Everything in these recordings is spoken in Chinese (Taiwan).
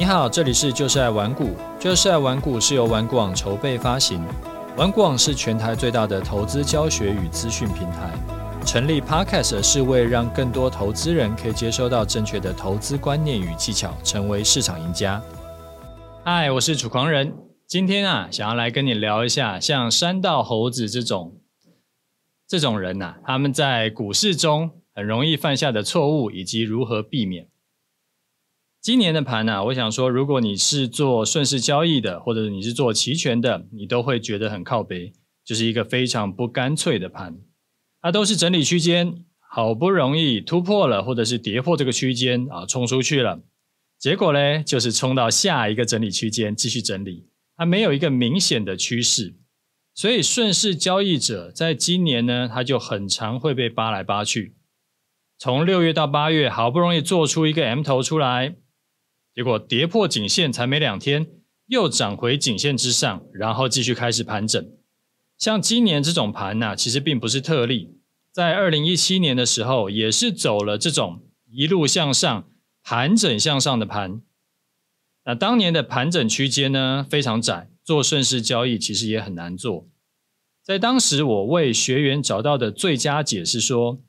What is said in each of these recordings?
你好，這裡是就是愛玩股。就是愛玩股是由玩股網籌備發行。玩股網是全台最大的投資教學與資訊平台。成立 Podcast 是為讓更多投資人可以接收到正確的投資觀念與技巧，成為市場贏家。嗨，我是楚狂人，今天啊，想要來跟你聊一下，像山道猴子這種這種人吶、啊，他們在股市中很容易犯下的錯誤，以及如何避免。今年的盤呢、啊，我想說，如果你是做順勢交易的，或者你是做期權的，你都會覺得很靠北，就是一個非常不乾脆的盤。它、啊、都是整理區間，好不容易突破了，或者是跌破這個區間啊，衝出去了，結果嘞就是衝到下一個整理區間繼續整理，它、啊、沒有一個明顯的趨勢，所以順勢交易者在今年呢，他就很常會被扒來扒去。從六月到八月，好不容易做出一個 M 頭出來。結果跌破頸線才沒兩天，又漲回頸線之上，然後繼續開始盤整。像今年這種盤呢、啊，其實並不是特例，在二零一七年的時候也是走了這種一路向上、盤整向上的盤。那當年的盤整區間呢，非常窄，做順勢交易其實也很難做。在當時，我為學員找到的最佳解釋說：“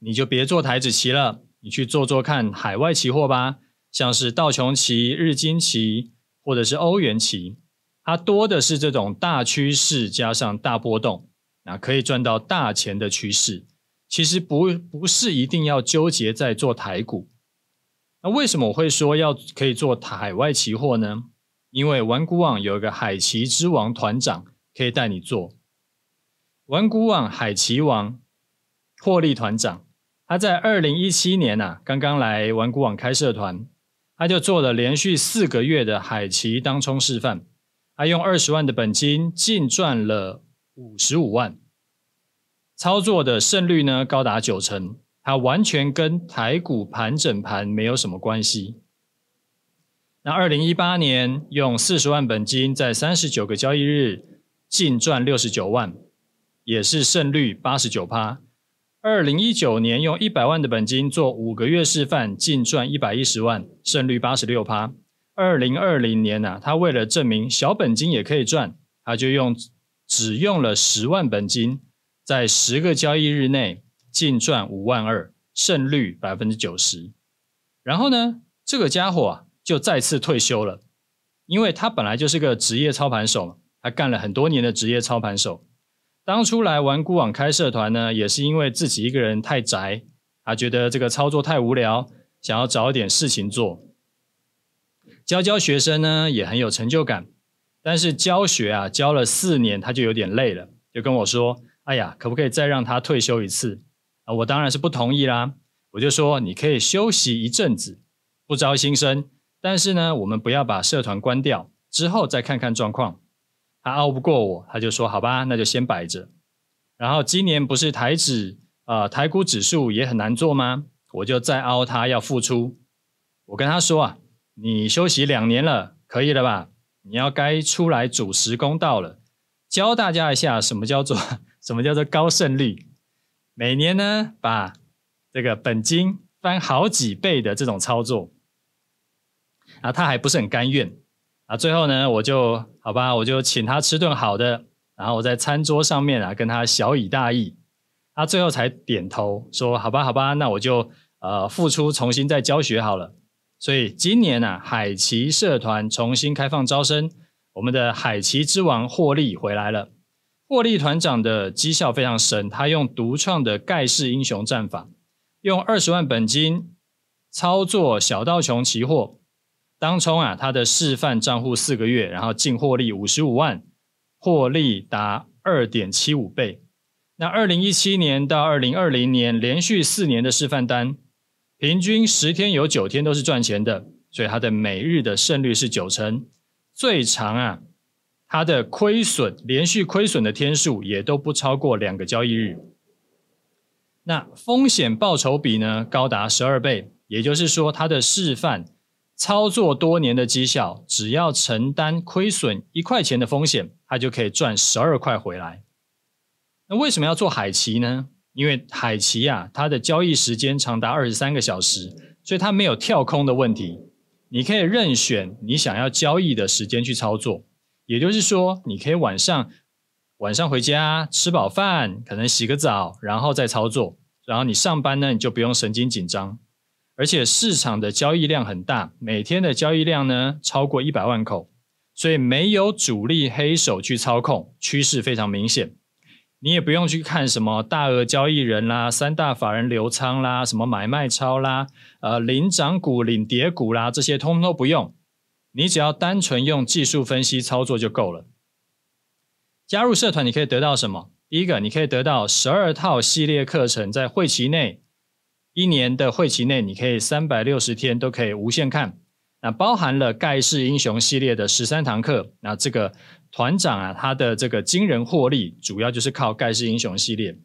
你就別做台指期了，你去做做看海外期貨吧。”像是道瓊期、日經期或者是歐元期，它多的是這種大趨勢加上大波動，那可以賺到大錢的趨勢。其實不不是一定要糾結在做台股。那為什麼我會說要可以做海外期貨呢？因為玩股網有一個海期之王團長可以帶你做。玩股網海期王獲利團長，他在二零一七年吶、啊，剛剛來玩股網開社團。他就做了連續四個月的海期當沖示範，他用二十萬的本金淨賺了五十五萬，操作的勝率呢高達九成，他完全跟台股盤整盤沒有什麼關係。那二零一八年用四十萬本金在三十九個交易日淨賺六十九萬，也是勝率八十九趴。二零一九年用一百萬的本金做五個月示範，淨賺一百一十萬，勝率八十六趴。二零二零年啊，他為了證明小本金也可以賺，他就用只用了十萬本金，在十個交易日內淨賺五萬二，勝率百分之九十。然後呢，這個家伙啊就再次退休了，因為他本來就是個職業操盤手嘛，他幹了很多年的職業操盤手。當初來玩孤網開社團呢，也是因為自己一個人太宅，他、啊、覺得這個操作太無聊，想要找一點事情做。教教學生呢，也很有成就感。但是教學啊，教了四年他就有點累了，就跟我說：“哎呀，可不可以再讓他退休一次？”啊，我當然是不同意啦。我就說：“你可以休息一陣子，不招新生，但是呢，我們不要把社團關掉，之後再看看狀況。”他拗不過我，他就說：“好吧，那就先擺着。”然後今年不是台指啊、呃，台股指數也很難做嗎？我就再拗他要復出。我跟他說啊：“你休息兩年了，可以了吧？你要該出來主持公道了，教大家一下什麼叫做什麼叫做高勝率，每年呢把這個本金翻好幾倍的這種操作。”啊，他還不是很甘願。啊，最後呢，我就好吧，我就請他吃頓好的，然後我在餐桌上面啊，跟他曉以大義他、啊、最後才點頭說好吧，好吧，那我就呃復出重新再教學好了。所以今年呢、啊，海期社團重新開放招生，我們的海期之王霍立回來了。霍立團長的績效非常神，他用獨創的蓋世英雄戰法，用二十萬本金操作小道瓊期貨。當初啊，他的示範賬戶四個月，然後淨獲利五十五萬，獲利達二點七五倍。那二零一七年到二零二零年連續四年的示範單，平均十天有九天都是賺錢的，所以他的每日的勝率是九成。最長啊，他的虧損，連續虧損的天數也都不超過兩個交易日。那風險報酬比呢，高達十二倍，也就是說，他的示範。操作多年的績效，只要承擔虧損一塊錢的風險，他就可以賺十二塊回來。那為什麼要做海期呢？因為海期呀、啊，它的交易時間長達二十三個小時，所以它沒有跳空的問題。你可以任選你想要交易的時間去操作，也就是說，你可以晚上晚上回家吃飽飯，可能洗個澡，然後再操作。然後你上班呢，你就不用神經緊張。而且市場的交易量很大，每天的交易量呢超過一百萬口，所以沒有主力黑手去操控，趨勢非常明顯。你也不用去看什麼大額交易人啦、三大法人留倉啦、什麼買賣超啦、呃領漲股、領跌股啦，這些通通都不用。你只要單純用技術分析操作就夠了。加入社團，你可以得到什麼？第一個，你可以得到十二套系列課程，在會期內。一年的會期內，你可以三百六十天都可以無限看。那包含了蓋世英雄系列的十三堂課。那這個團長啊，他的這個驚人獲利，主要就是靠蓋世英雄系列，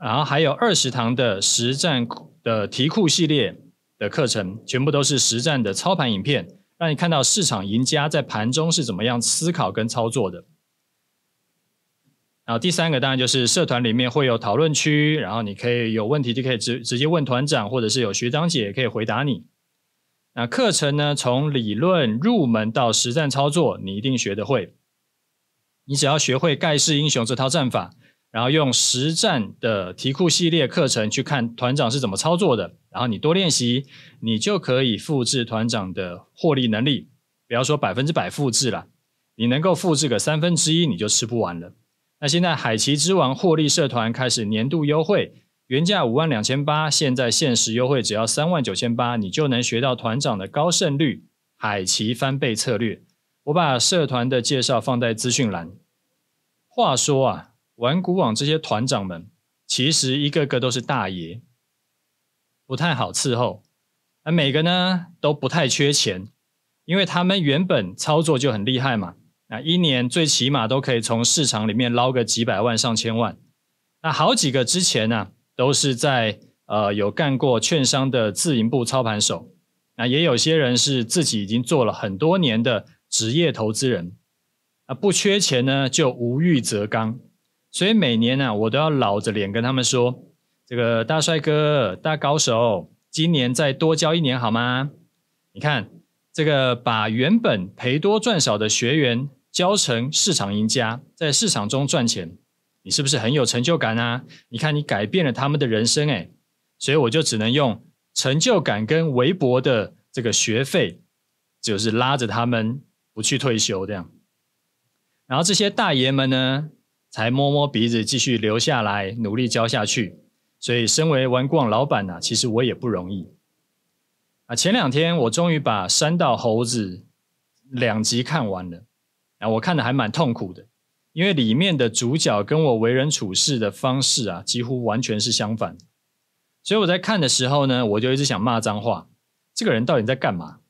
然後還有二十堂的實戰的題庫系列的課程，全部都是實戰的操盤影片，讓你看到市場贏家在盤中是怎麼樣思考跟操作的。然後第三個當然就是社團裡面會有討論區，然後你可以有問題就可以直直接問團長，或者是有學長姐也可以回答你。那課程呢，從理論入門到實戰操作，你一定學得會。你只要學會蓋世英雄這套戰法，然後用實戰的題庫系列課程去看團長是怎麼操作的，然後你多練習，你就可以複製團長的獲利能力。不要說百分之百複製了，你能夠複製個三分之一，你就吃不完了。那現在海期之王獲利社團開始年度優惠，原價五萬兩千八，現在限時優惠只要三萬九千八，你就能學到團長的高勝率海期翻倍策略。我把社團的介紹放在資訊欄。話說啊，玩股網這些團長們，其實一個個都是大爺，不太好伺候，而每個呢都不太缺錢，因為他們原本操作就很厲害嘛。一年最起碼都可以從市場裡面撈個幾百萬上千萬。那好幾個之前呢、啊、都是在呃有幹過券商的自營部操盤手，那也有些人是自己已經做了很多年的職業投資人。啊，不缺錢呢，就無欲則剛。所以每年呢、啊，我都要老着臉跟他們說，這個大帥哥、大高手，今年再多教一年好嗎？你看這個把原本賠多賺少的學員。教成市場贏家，在市場中賺錢，你是不是很有成就感啊？你看，你改變了他們的人生，欸，誒，所以我就只能用成就感跟微薄的這個學費，就是拉着他們不去退休這樣。然後這些大爺們呢，才摸摸鼻子繼續留下來，努力教下去。所以，身為玩逛老闆呢、啊，其實我也不容易啊。前兩天我終於把《山道猴子》兩集看完了。啊，我看的還蠻痛苦的，因為裡面的主角跟我為人處事的方式啊，幾乎完全是相反。所以我在看的時候呢，我就一直想罵髒話，這個人到底在幹嘛？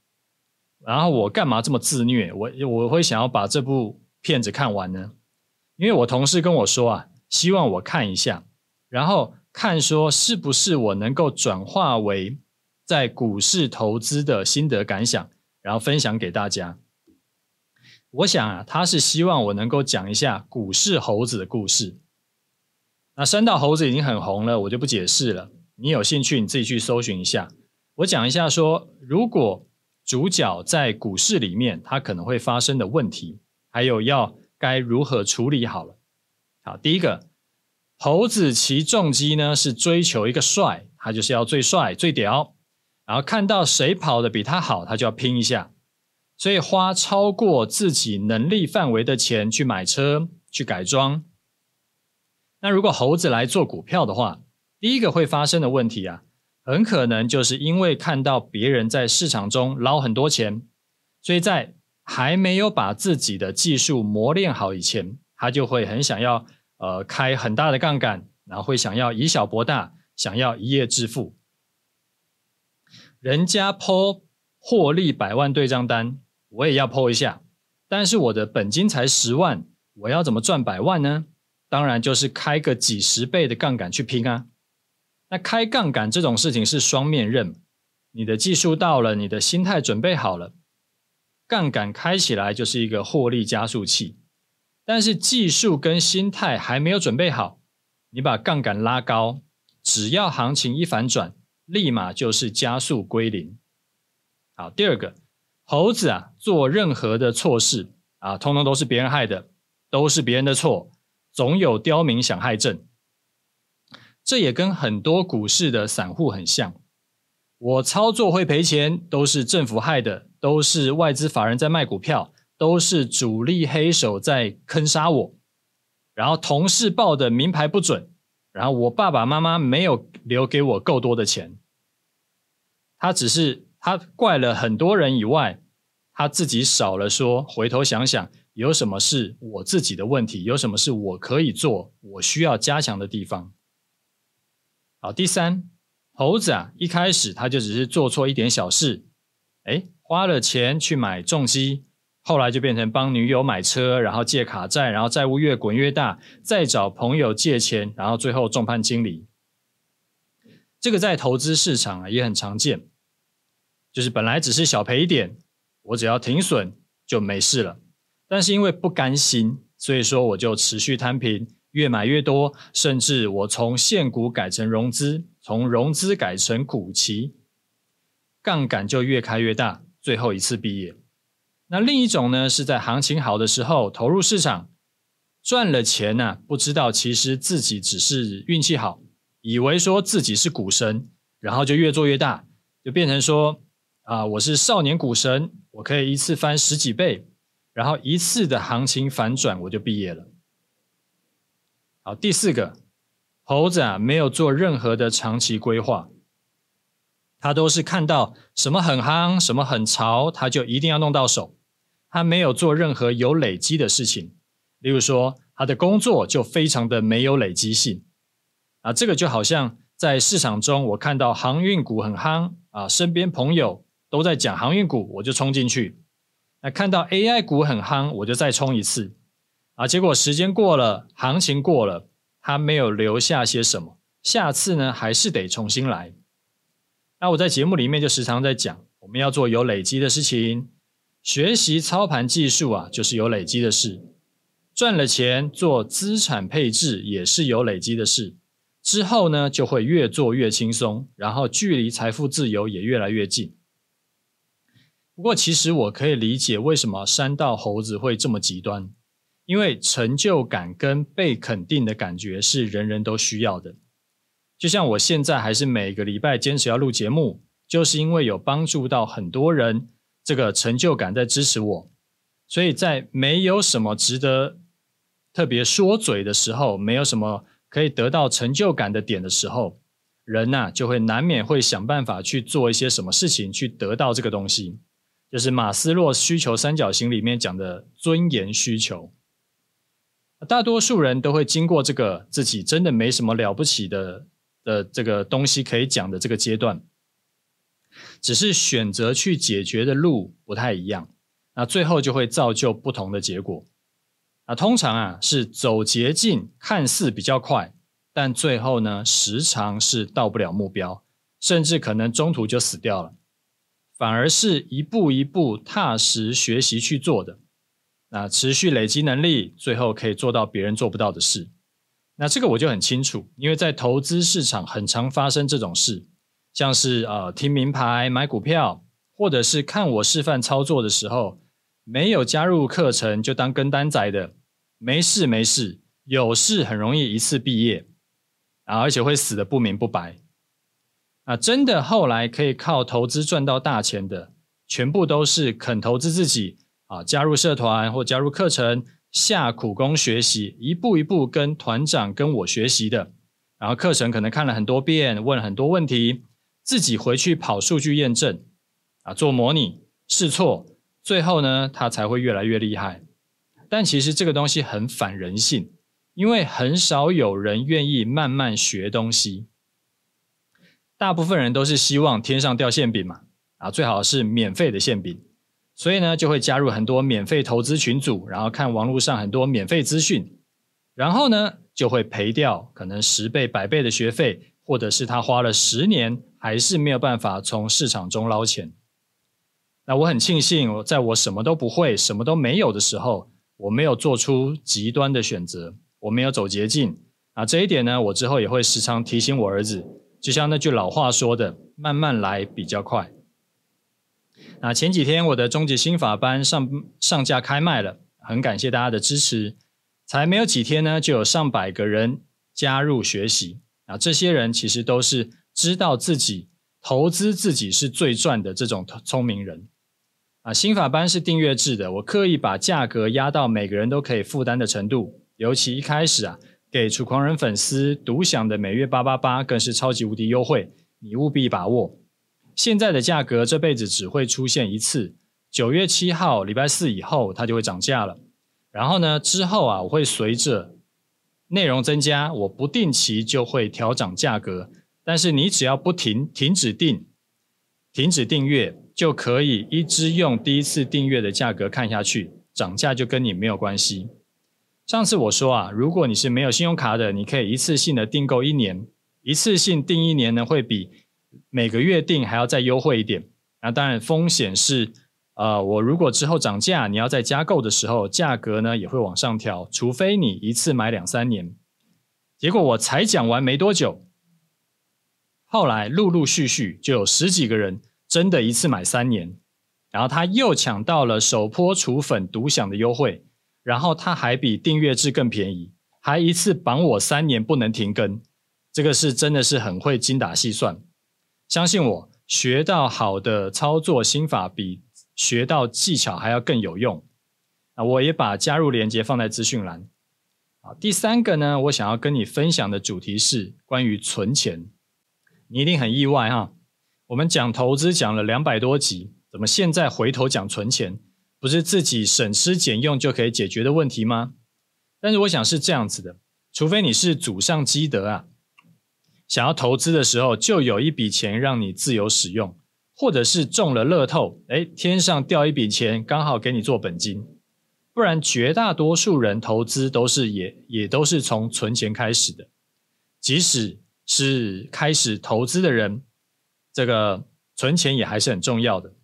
然後我幹嘛這麼自虐？我我會想要把這部片子看完呢，因為我同事跟我說啊，希望我看一下，然後看說是不是我能夠轉化為在股市投資的心得感想，然後分享給大家。我想啊，他是希望我能夠講一下股市猴子的故事。那山道猴子已經很紅了，我就不解釋了。你有興趣，你自己去搜尋一下。我講一下說，如果主角在股市裡面，他可能會發生的問題，還有要該如何處理好了。好，第一個，猴子騎重機呢，是追求一個帥，他就是要最帥、最屌。然後看到誰跑得比他好，他就要拼一下。所以花超過自己能力範圍的錢去買車、去改裝。那如果猴子來做股票的話，第一個會發生的問題啊，很可能就是因為看到別人在市場中撈很多錢，所以在還沒有把自己的技術磨練好以前，他就會很想要呃開很大的槓桿，然後會想要以小博大，想要一夜致富。人家 po 獲利百萬對賬單。我也要剖一下，但是我的本金才十萬，我要怎麼賺百萬呢？當然就是開個幾十倍的槓桿去拼啊。那開槓桿這種事情是雙面刃，你的技術到了，你的心態準備好了，槓桿開起來就是一個獲利加速器。但是技術跟心態還沒有準備好，你把槓桿拉高，只要行情一反轉，立馬就是加速歸零。好，第二個。猴子啊，做任何的錯事啊，通通都是別人害的，都是別人的錯。總有刁民想害朕，這也跟很多股市的散戶很像。我操作會賠錢，都是政府害的，都是外資法人在賣股票，都是主力黑手在坑殺我。然後同事報的名牌不準，然後我爸爸媽媽沒有留給我夠多的錢。他只是他怪了很多人以外，他自己少了說，回頭想想，有什麼是我自己的問題？有什麼是我可以做、我需要加強的地方？好，第三，猴子啊，一開始他就只是做錯一點小事，誒，花了錢去買重機，後來就變成幫女友買車，然後借卡債，然後債務越滾越大，再找朋友借錢，然後最後眾叛親離。這個在投資市場啊也很常見，就是本來只是小賠一點。我只要停損就沒事了，但是因為不甘心，所以說我就持續攤平，越買越多，甚至我從現股改成融資，從融資改成股期，槓桿就越開越大。最後一次畢業。那另一種呢，是在行情好的時候投入市場，賺了錢呢、啊，不知道其實自己只是運氣好，以為說自己是股神，然後就越做越大，就變成說。啊，我是少年股神，我可以一次翻十幾倍，然後一次的行情反轉我就畢業了。好，第四個猴子啊，沒有做任何的長期規劃，他都是看到什麼很夯、什麼很潮，他就一定要弄到手，他沒有做任何有累積的事情，例如說他的工作就非常的沒有累積性。啊，這個就好像在市場中，我看到航運股很夯啊，身邊朋友。都在講航運股，我就衝進去。那看到 AI 股很夯，我就再衝一次。啊，結果時間過了，行情過了，它沒有留下些什麼。下次呢，還是得重新來。那我在節目裡面就時常在講，我們要做有累積的事情。學習操盤技術啊，就是有累積的事。賺了錢做資產配置也是有累積的事。之後呢，就會越做越輕鬆，然後距離財富自由也越來越近。不過，其實我可以理解為什麼山道猴子會這麼極端，因為成就感跟被肯定的感覺是人人都需要的。就像我現在還是每個禮拜堅持要錄節目，就是因為有幫助到很多人，這個成就感在支持我。所以在沒有什麼值得特別說嘴的時候，沒有什麼可以得到成就感的點的時候，人吶、啊、就會難免會想辦法去做一些什麼事情去得到這個東西。就是馬斯洛需求三角形裡面講的尊嚴需求，大多數人都會經過這個自己真的沒什麼了不起的的這個東西可以講的這個階段，只是選擇去解決的路不太一樣，那最後就會造就不同的結果。啊，通常啊是走捷徑，看似比較快，但最後呢時常是到不了目標，甚至可能中途就死掉了。反而是一步一步踏實學習去做的，那持續累積能力，最後可以做到別人做不到的事。那這個我就很清楚，因為在投資市場很常發生這種事，像是呃聽明牌買股票，或者是看我示範操作的時候，沒有加入課程就當跟單仔的，沒事沒事，有事很容易一次畢業，啊而且會死得不明不白。啊，真的後來可以靠投資賺到大錢的，全部都是肯投資自己啊，加入社團或加入課程，下苦功學習，一步一步跟團長跟我學習的。然後課程可能看了很多遍，問了很多問題，自己回去跑數據驗證啊，做模擬試錯，最後呢，他才會越來越厲害。但其實這個東西很反人性，因為很少有人願意慢慢學東西。大部分人都是希望天上掉餡餅嘛，啊，最好是免費的餡餅，所以呢，就會加入很多免費投資群組，然後看網絡上很多免費資訊，然後呢，就會賠掉可能十倍、百倍的學費，或者是他花了十年還是沒有辦法從市場中撈錢。那我很慶幸，在我什麼都不會、什麼都沒有的時候，我沒有做出極端的選擇，我沒有走捷徑啊，這一點呢，我之後也會時常提醒我兒子。就像那句老話說的，“慢慢來比較快”。啊，前幾天我的終極心法班上上架開賣了，很感謝大家的支持。才沒有幾天呢，就有上百個人加入學習。啊，這些人其實都是知道自己投資自己是最賺的這種聰明人。啊，心法班是訂閱制的，我刻意把價格壓到每個人都可以負擔的程度，尤其一開始啊。給楚狂人粉絲獨享的每月八八八，更是超級無敵優惠，你務必把握。現在的價格這輩子只會出現一次，九月七號禮拜四以後它就會漲價了。然後呢，之後啊，我會隨着內容增加，我不定期就會調整價格。但是你只要不停停止訂，停止訂閱，就可以一直用第一次訂閱的價格看下去，漲價就跟你沒有關係。上次我說啊，如果你是沒有信用卡的，你可以一次性的訂購一年，一次性訂一年呢，會比每個月訂還要再優惠一點。那當然風險是，呃，我如果之後漲價，你要再加購的時候，價格呢也會往上調，除非你一次買兩三年。結果我才講完沒多久，後來陸陸續續就有十幾個人真的一次買三年，然後他又搶到了首波楚粉獨享的優惠。然後它，還比訂閱制更便宜，還一次綁我三年不能停更，這個是真的是很會精打細算。相信我，學到好的操作心法比學到技巧還要更有用。啊，我也把加入連結放在資訊欄。好，第三個呢，我想要跟你分享的主題是關於存錢。你一定很意外哈，我們講投資講了兩百多集，怎麼現在回頭講存錢？不是自己省吃儉用就可以解決的問題嗎？但是我想是這樣子的，除非你是祖上積德啊，想要投資的時候就有一筆錢讓你自由使用，或者是中了樂透，誒，天上掉一筆錢剛好給你做本金，不然絕大多數人投資都是也也都是從存錢開始的，即使是開始投資的人，這個存錢也還是很重要的。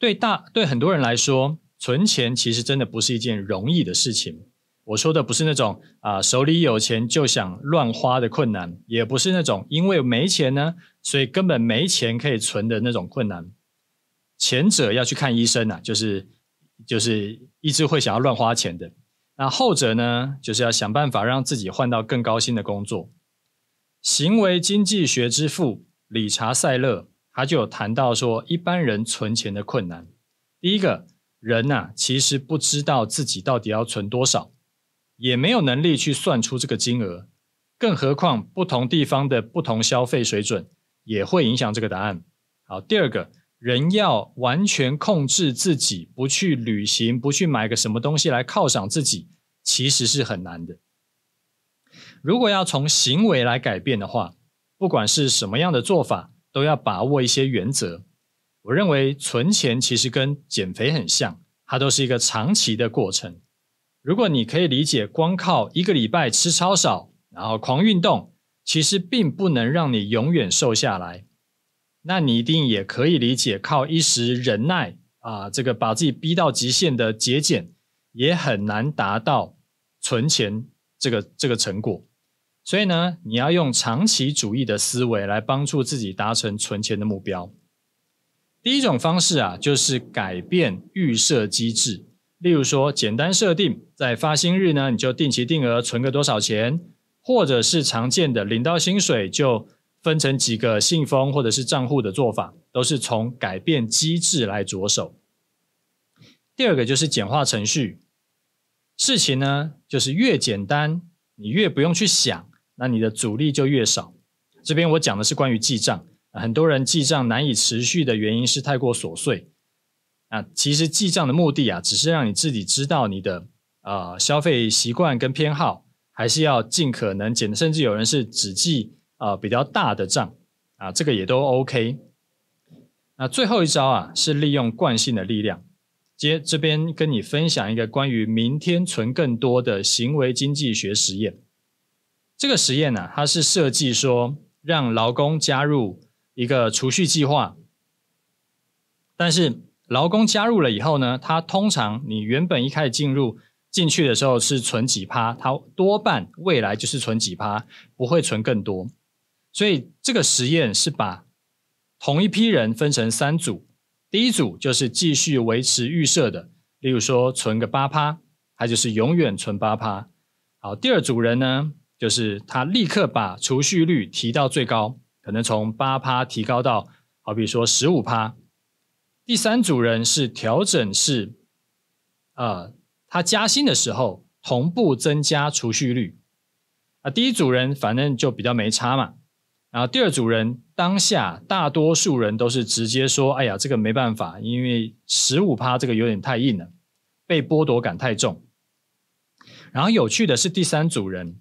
對大對很多人來說，存錢其實真的不是一件容易的事情。我說的不是那種啊，呃，手裡有錢就想亂花的困難，也不是那種因為沒錢呢，所以根本沒錢可以存的那種困難。前者要去看醫生啊，就是就是一直會想要亂花錢的。那後者呢，就是要想辦法讓自己換到更高薪的工作。行為經濟學之父理查·塞勒。他就有談到說，一般人存錢的困難。第一個，人吶，其實不知道自己到底要存多少，也沒有能力去算出這個金額，更何況不同地方的不同消費水準也會影響這個答案。好，第二個，人要完全控制自己不去旅行、不去買個什麼東西來犒賞自己，其實是很難的。如果要從行為來改變的話，不管是什麼樣的做法。都要把握一些原則。我認為存錢其實跟減肥很像，它都是一個長期的過程。如果你可以理解，光靠一個禮拜吃超少，然後狂運動，其實並不能讓你永遠瘦下來。那你一定也可以理解，靠一時忍耐啊，這個把自己逼到極限的節儉，也很難達到存錢這個這個成果。所以呢，你要用長期主義的思維來幫助自己達成存錢的目標。第一種方式啊，就是改變預設機制，例如說，簡單設定在發薪日呢，你就定期定額存個多少錢，或者是常見的領到薪水就分成幾個信封或者是賬戶的做法，都是從改變機制來着手。第二個就是簡化程序，事情呢，就是越簡單，你越不用去想。那你的阻力就越少。這邊我講的是關於記賬，啊，很多人記賬難以持續的原因是太過瑣碎。啊，其實記賬的目的啊，只是讓你自己知道你的呃消費習慣跟偏好，還是要盡可能減，甚至有人是只記啊，呃，比較大的賬，啊這個也都 OK。那最後一招啊，是利用慣性的力量。接這邊跟你分享一個關於明天存更多的行為經濟學實驗。這個實驗呢、啊，它是設計說，讓勞工加入一個儲蓄計劃，但是勞工加入了以後呢，他通常你原本一開始進入進去的時候是存幾趴，他多半未來就是存幾趴，不會存更多。所以這個實驗是把同一批人分成三組，第一組就是繼續維持預設的，例如說存個八趴，它就是永遠存八趴。好，第二組人呢？就是他立刻把儲蓄率提到最高，可能從八趴提高到好比說十五趴。第三組人是調整是，呃，他加薪的時候同步增加儲蓄率。啊，第一組人反正就比較沒差嘛。然後第二組人當下大多數人都是直接說：“哎呀，這個沒辦法，因為十五趴這個有點太硬了，被剝奪感太重。”然後有趣的是第三組人。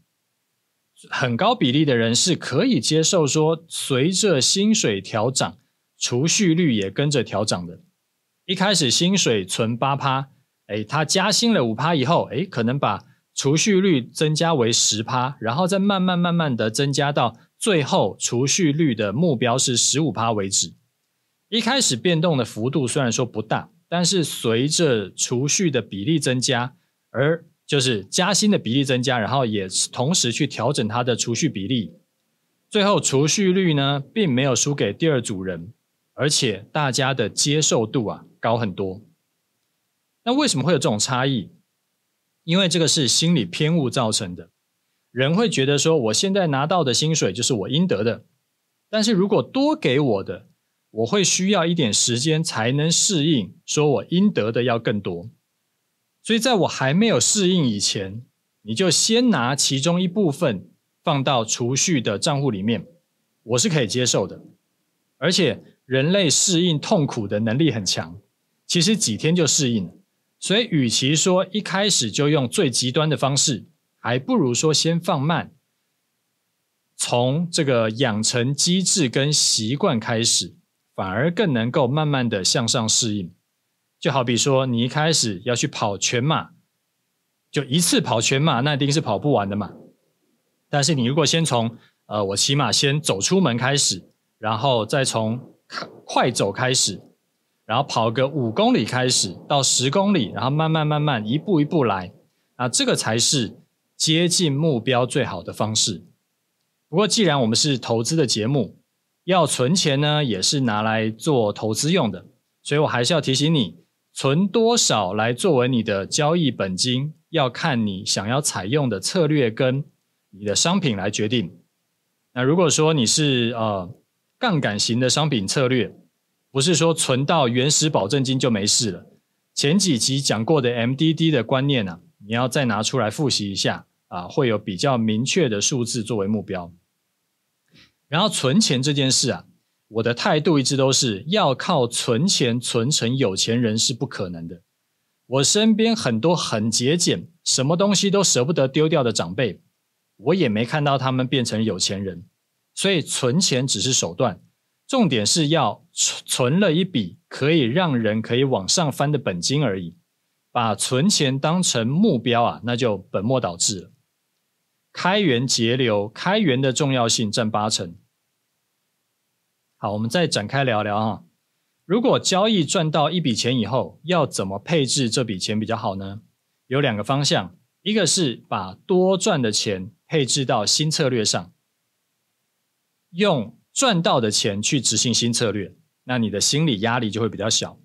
很高比例的人是可以接受說，隨着薪水調漲，儲蓄率也跟着調漲的。一開始薪水存八趴，誒，他加薪了五趴以後，誒，可能把儲蓄率增加為十趴，然後再慢慢慢慢地增加到最後儲蓄率的目標是十五趴為止。一開始變動的幅度雖然說不大，但是隨着儲蓄的比例增加而。就是加薪的比例增加，然後也同時去調整它的儲蓄比例，最後儲蓄率呢，並沒有輸給第二組人，而且大家的接受度啊高很多。那為什麼會有這種差異？因為這個是心理偏誤造成的，人會覺得說我現在拿到的薪水就是我應得的，但是如果多給我的，我會需要一點時間才能適應，說我應得的要更多。所以，在我還沒有適應以前，你就先拿其中一部分放到儲蓄的賬戶裡面，我是可以接受的。而且，人類適應痛苦的能力很強，其實幾天就適應了。所以，與其說一開始就用最極端的方式，還不如說先放慢，從這個養成機制跟習慣開始，反而更能夠慢慢的向上適應。就好比說，你一開始要去跑全馬，就一次跑全馬，那一定是跑不完的嘛。但是你如果先從，呃，我起碼先走出門開始，然後再從快走開始，然後跑個五公里開始到十公里，然後慢慢慢慢一步一步來，啊，這個才是接近目標最好的方式。不過既然我們是投資的節目，要存錢呢，也是拿來做投資用的，所以我還是要提醒你。存多少來作為你的交易本金，要看你想要採用的策略跟你的商品來決定。那如果說你是呃槓桿型的商品策略，不是說存到原始保證金就沒事了。前幾集講過的 MDD 的觀念啊，你要再拿出來復習一下啊，會有比較明確的數字作為目標。然後存錢這件事啊。我的態度一直都是要靠存錢存成有錢人是不可能的。我身邊很多很節儉，什麼東西都捨不得丟掉的長輩，我也沒看到他們變成有錢人。所以存錢只是手段，重點是要存存了一筆可以讓人可以往上翻的本金而已。把存錢當成目標啊，那就本末倒置了。開源節流，開源的重要性占八成。好，我們再展開聊聊哈。如果交易賺到一筆錢以後，要怎麼配置這筆錢比較好呢？有兩個方向，一個是把多賺的錢配置到新策略上，用賺到的錢去執行新策略，那你的心理壓力就會比較小。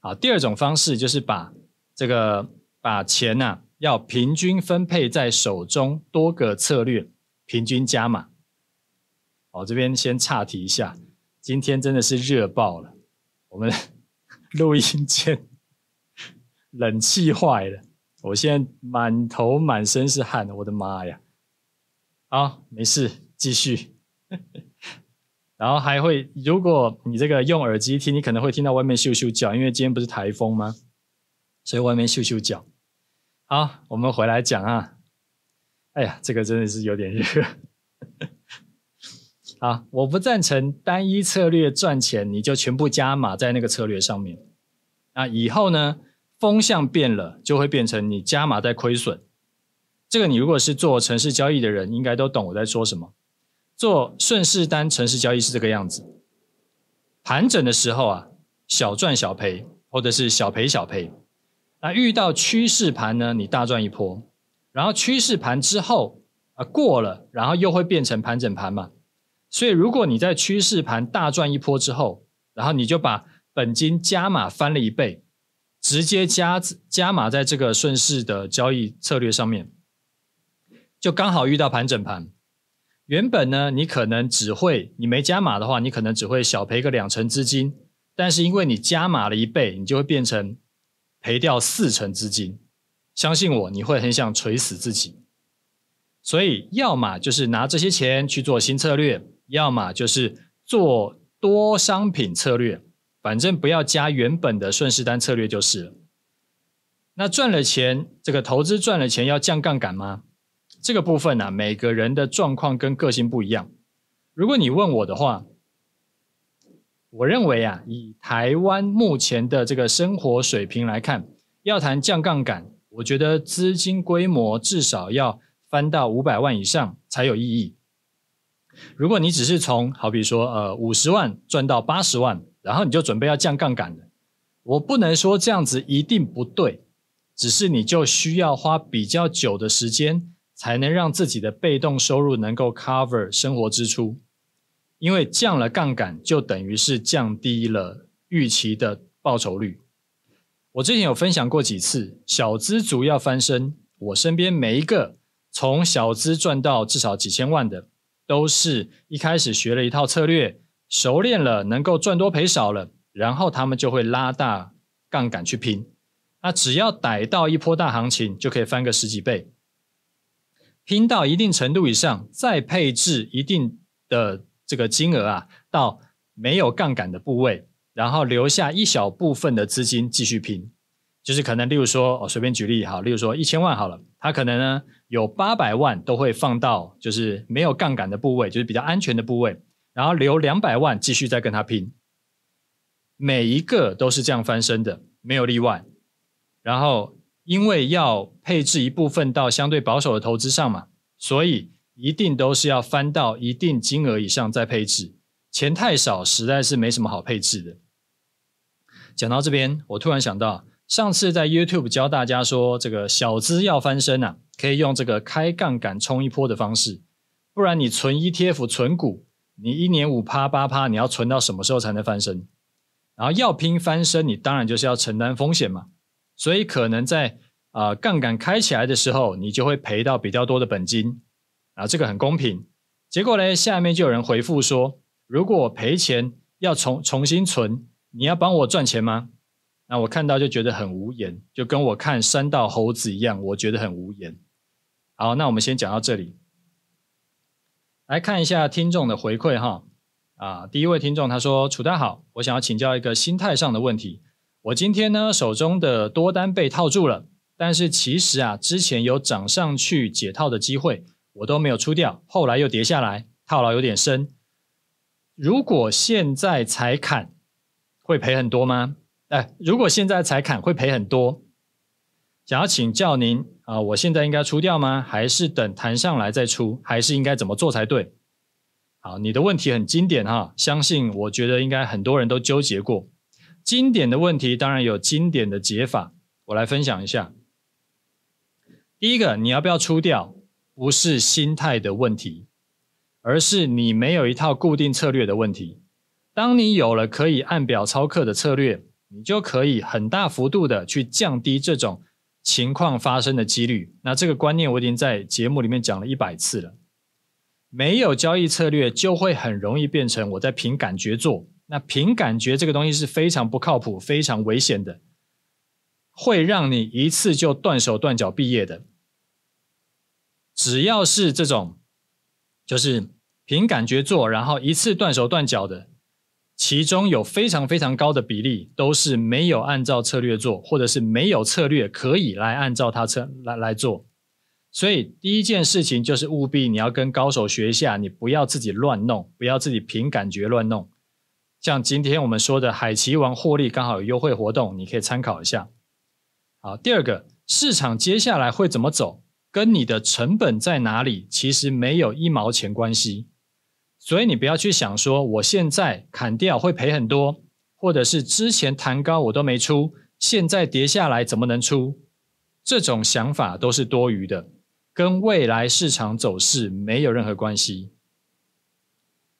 好，第二種方式就是把這個把錢呢、啊、要平均分配在手中多個策略平均加碼。好，這邊先岔題一下。今天真的是熱爆了，我們錄音間冷氣壞了，我現在滿頭滿身是汗，我的媽呀！啊，沒事，繼續。然後還會，如果你這個用耳機聽，你可能會聽到外面咻咻叫，因為今天不是台風嗎？所以外面咻咻叫。好，我們回來講啊。哎呀，這個真的是有點熱。啊！我不贊成單一策略賺錢，你就全部加碼在那個策略上面。啊，以後呢，風向變了，就會變成你加碼在虧損。這個你如果是做程式交易的人，應該都懂我在說什麼。做順勢單程式交易是這個樣子：盤整的時候啊，小賺小賠，或者是小賠小賠。啊，遇到趨勢盤呢，你大賺一波。然後趨勢盤之後啊，過了，然後又會變成盤整盤嘛。所以，如果你在趨勢盤大賺一波之後，然後你就把本金加碼翻了一倍，直接加加碼在這個順勢的交易策略上面，就剛好遇到盤整盤。原本呢，你可能只會，你沒加碼的話，你可能只會小賠個兩成資金；但是因為你加碼了一倍，你就會變成賠掉四成資金。相信我，你會很想錘死自己。所以，要麼就是拿這些錢去做新策略。要麼就是做多商品策略，反正不要加原本的順勢單策略就是了。那賺了錢，這個投資賺了錢要降槓桿嗎？這個部分呢、啊，每個人的狀況跟個性不一樣。如果你問我的話，我認為啊，以台灣目前的這個生活水平來看，要談降槓桿，我覺得資金規模至少要翻到五百萬以上才有意義。如果你只是從好比說，呃，五十萬賺到八十萬，然後你就準備要降槓桿的，我不能說這樣子一定不對，只是你就需要花比較久的時間，才能讓自己的被動收入能夠 cover 生活支出，因為降了槓桿就等於是降低了預期的報酬率。我之前有分享過幾次小資族要翻身，我身邊每一個從小資賺到至少幾千萬的。都是一開始學了一套策略，熟練了能夠賺多賠少了，然後他們就會拉大槓桿去拼。那，只要逮到一波大行情，就可以翻個十幾倍。拼到一定程度以上，再配置一定的這個金額啊，到沒有槓桿的部位，然後留下一小部分的資金繼續拼。就是可能，例如說，哦，隨便舉例哈，例如說一千萬好了，他可能呢有八百萬都會放到就是沒有槓桿的部位，就是比較安全的部位，然後留兩百萬繼續再跟他拼，每一個都是這樣翻身的，沒有例外。然後因為要配置一部分到相對保守的投資上嘛，所以一定都是要翻到一定金額以上再配置，錢太少實在是沒什麼好配置的。講到這邊，我突然想到。上次在 YouTube 教大家說，這個小資要翻身吶、啊，可以用這個開槓桿衝一波的方式，不然你存 ETF 存股，你一年五趴八趴，你要存到什麼時候才能翻身？然後要拼翻身，你當然就是要承擔風險嘛，所以可能在啊、呃、槓桿開起來的時候，你就會賠到比較多的本金，啊這個很公平。結果嘞，下面就有人回復說，如果我賠錢要重重新存，你要幫我賺錢嗎？那我看到就覺得很無言，就跟我看山道猴子一樣，我覺得很無言。好，那我們先講到這裡。來看一下聽眾的回饋哈。啊，第一位聽眾他說：“楚大好，我想要請教一個心態上的問題。我今天呢手中的多單被套住了，但是其實啊之前有漲上去解套的機會，我都沒有出掉，後來又跌下來，套牢有點深。如果現在才砍，會賠很多嗎？”哎，如果現在才砍會賠很多，想要請教您啊，我現在應該出掉嗎？還是等彈上來再出？還是應該怎麼做才對？好，你的問題很經典哈，相信我覺得應該很多人都糾結過。經典的問題當然有經典的解法，我來分享一下。第一個，你要不要出掉，不是心態的問題，而是你沒有一套固定策略的問題。當你有了可以按表操課的策略，你就可以很大幅度的去降低這種情況發生的幾率。那這個觀念我已經在節目裡面講了一百次了，沒有交易策略，就會很容易變成我在憑感覺做。那憑感覺這個東西是非常不靠譜、非常危險的，會讓你一次就斷手斷腳畢業的。只要是這種，就是憑感覺做，然後一次斷手斷腳的。其中有非常非常高的比例都是沒有按照策略做，或者是沒有策略可以來按照它來來做。所以第一件事情就是務必你要跟高手學一下，你不要自己亂弄，不要自己憑感覺亂弄。像今天我們說的海奇王獲利剛好有優惠活動，你可以參考一下。好，第二個，市場接下來會怎麼走，跟你的成本在哪裡，其實沒有一毛錢關係。所以你不要去想說我現在砍掉會賠很多，或者是之前彈高我都沒出，現在跌下來怎麼能出？這種想法都是多餘的，跟未來市場走勢沒有任何關係。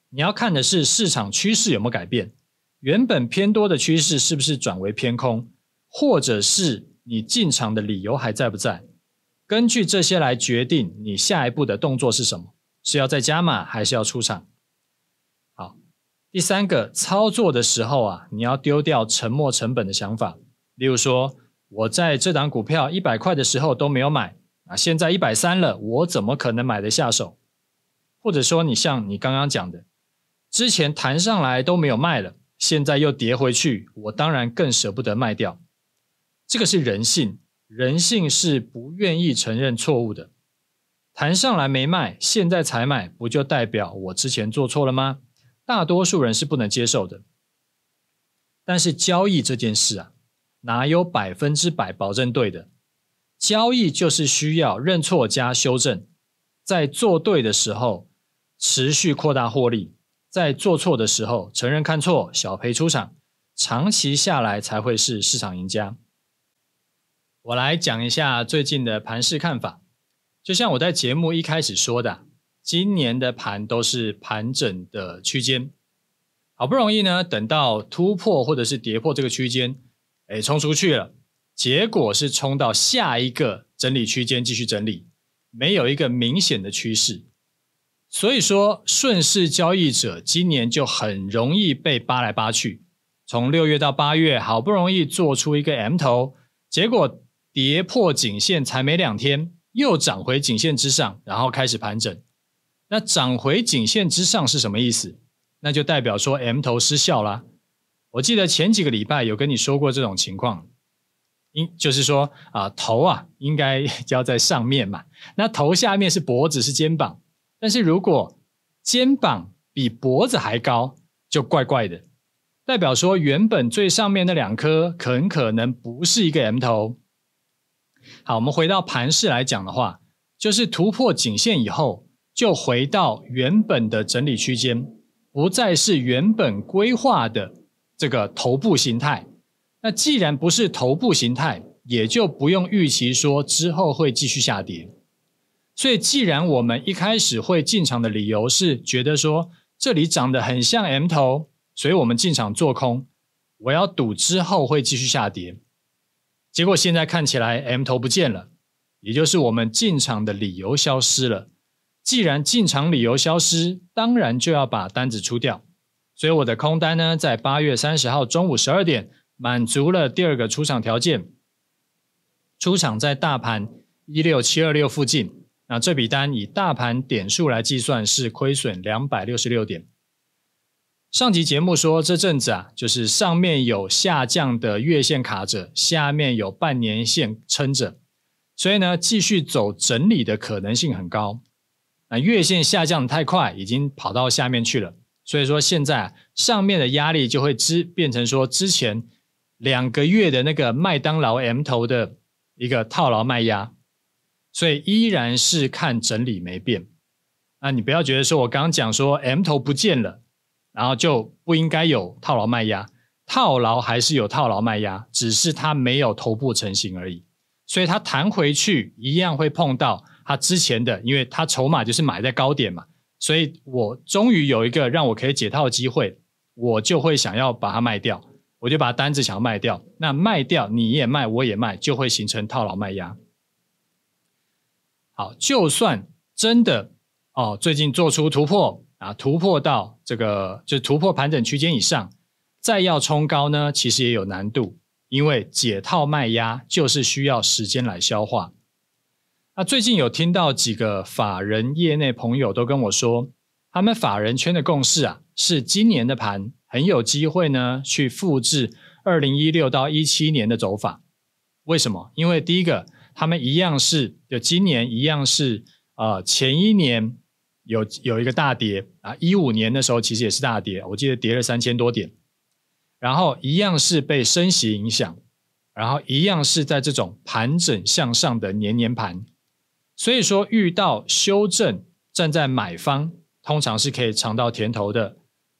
你要看的是市場趨勢有沒有改變，原本偏多的趨勢是不是轉為偏空，或者是你進場的理由還在不在？根據這些來決定你下一步的動作是什麼，是要再加碼還是要出場？第三個操作的時候啊，你要丟掉沉沒成本的想法。例如說，我在這檔股票一百塊的時候都沒有買，啊，現在一百三了，我怎麼可能買得下手？或者說，你像你剛剛講的，之前彈上來都沒有賣了，現在又跌回去，我當然更捨不得賣掉。這個是人性，人性是不願意承認錯誤的。彈上來沒賣，現在才賣，不就代表我之前做錯了嗎？大多數人是不能接受的，但是交易這件事啊，哪有百分之百保證對的？交易就是需要認錯加修正，在做對的時候持續擴大獲利，在做錯的時候承認看錯，小賠出場，長期下來才會是市場贏家。我來講一下最近的盤勢看法，就像我在節目一開始說的啊。今年的盤都是盤整的區間，好不容易呢，等到突破或者是跌破這個區間，誒、欸，衝出去了，結果是衝到下一個整理區間繼續整理，沒有一個明顯的趨勢，所以說順勢交易者今年就很容易被扒來扒去。從六月到八月，好不容易做出一個 M 頭，結果跌破頸線才沒兩天，又漲回頸線之上，然後開始盤整。那漲回頸線之上是什麼意思？那就代表說 M 頭失效啦，我記得前幾個禮拜有跟你說過這種情況，應就是說啊頭啊應該要在上面嘛。那頭下面是脖子、是肩膀，但是如果肩膀比脖子還高，就怪怪的，代表說原本最上面那兩顆很可能不是一個 M 頭。好，我們回到盤勢來講的話，就是突破頸線以後，就回到原本的整理區間，不再是原本規劃的這個頭部形態。那既然不是頭部形態，也就不用預期說之後會繼續下跌。所以，既然我們一開始會進場的理由是覺得說這裡長得很像 M 頭，所以我們進場做空，我要賭之後會繼續下跌。結果現在看起來 M 頭不見了，也就是我們進場的理由消失了。既然進場理由消失，當然就要把單子出掉。所以我的空單呢，在八月三十號中午十二點滿足了第二個出場條件，出場在大盤一六七二六附近。那這筆單以大盤點數來計算是虧損兩百六十六點。上集節目說，這陣子啊，就是上面有下降的月線卡着，下面有半年線撐着，所以呢，繼續走整理的可能性很高。那月線下降太快，已經跑到下面去了，所以說現在啊，上面的壓力就會之變成說之前兩個月的那個麥當勞 M 頭的一個套牢賣壓，所以依然是看整理沒變。那你不要覺得說我剛剛講說 M 頭不見了，然後就不應該有套牢賣壓，套牢還是有套牢賣壓，只是它沒有頭部成型而已，所以它彈回去一樣會碰到。他之前的，因為他籌碼就是買在高點嘛，所以我終於有一個讓我可以解套的機會，我就會想要把它賣掉，我就把單子想要賣掉。那賣掉你也賣，我也賣，就會形成套牢賣壓。好，就算真的哦，最近做出突破啊，突破到這個就突破盤整區間以上，再要衝高呢，其實也有難度，因為解套賣壓就是需要時間來消化。那最近有聽到幾個法人業內朋友都跟我說，他們法人圈的共識啊，是今年的盤很有機會呢去複製二零一六到一七年的走法。為什麼？因為第一個，他們一樣是就今年一樣是啊、呃，前一年有有一個大跌啊，一五年的時候其實也是大跌，我記得跌了三千多點，然後一樣是被升息影響，然後一樣是在這種盤整向上的年年盤。所以說，遇到修正，站在買方通常是可以嘗到甜頭的，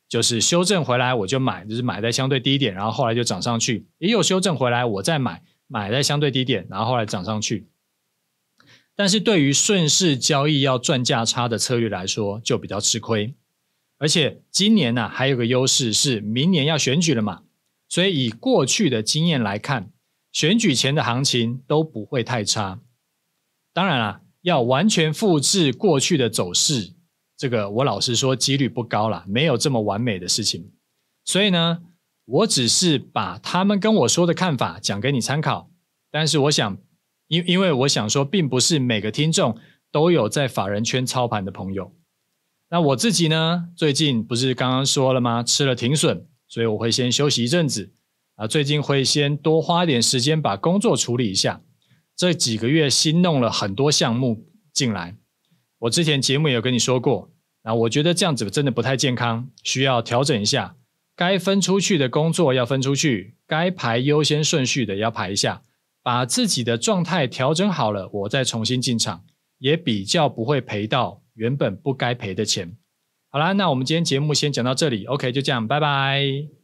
就是修正回來我就買，就是買在相對低點，然後後來就漲上去；也有修正回來我再買，買在相對低點，然後後來漲上去。但是對於順勢交易要賺價差的策略來說，就比較吃虧。而且今年呢、啊，還有個優勢是明年要選舉了嘛，所以以過去的經驗來看，選舉前的行情都不會太差。當然啦、啊。要完全複製過去的走勢，這個我老實說幾率不高啦，沒有這麼完美的事情。所以呢，我只是把他們跟我說的看法講給你參考。但是我想，因因為我想說，並不是每個聽眾都有在法人圈操盤的朋友。那我自己呢，最近不是剛剛說了嗎？吃了停損，所以我會先休息一陣子啊。最近會先多花一點時間把工作處理一下。這幾個月新弄了很多項目進來，我之前節目也有跟你說過，那我覺得這樣子真的不太健康，需要調整一下。該分出去的工作要分出去，該排優先順序的要排一下，把自己的狀態調整好了，我再重新進場，也比較不會賠到原本不該賠的錢。好啦，那我們今天節目先講到這裡，OK，就這樣，拜拜。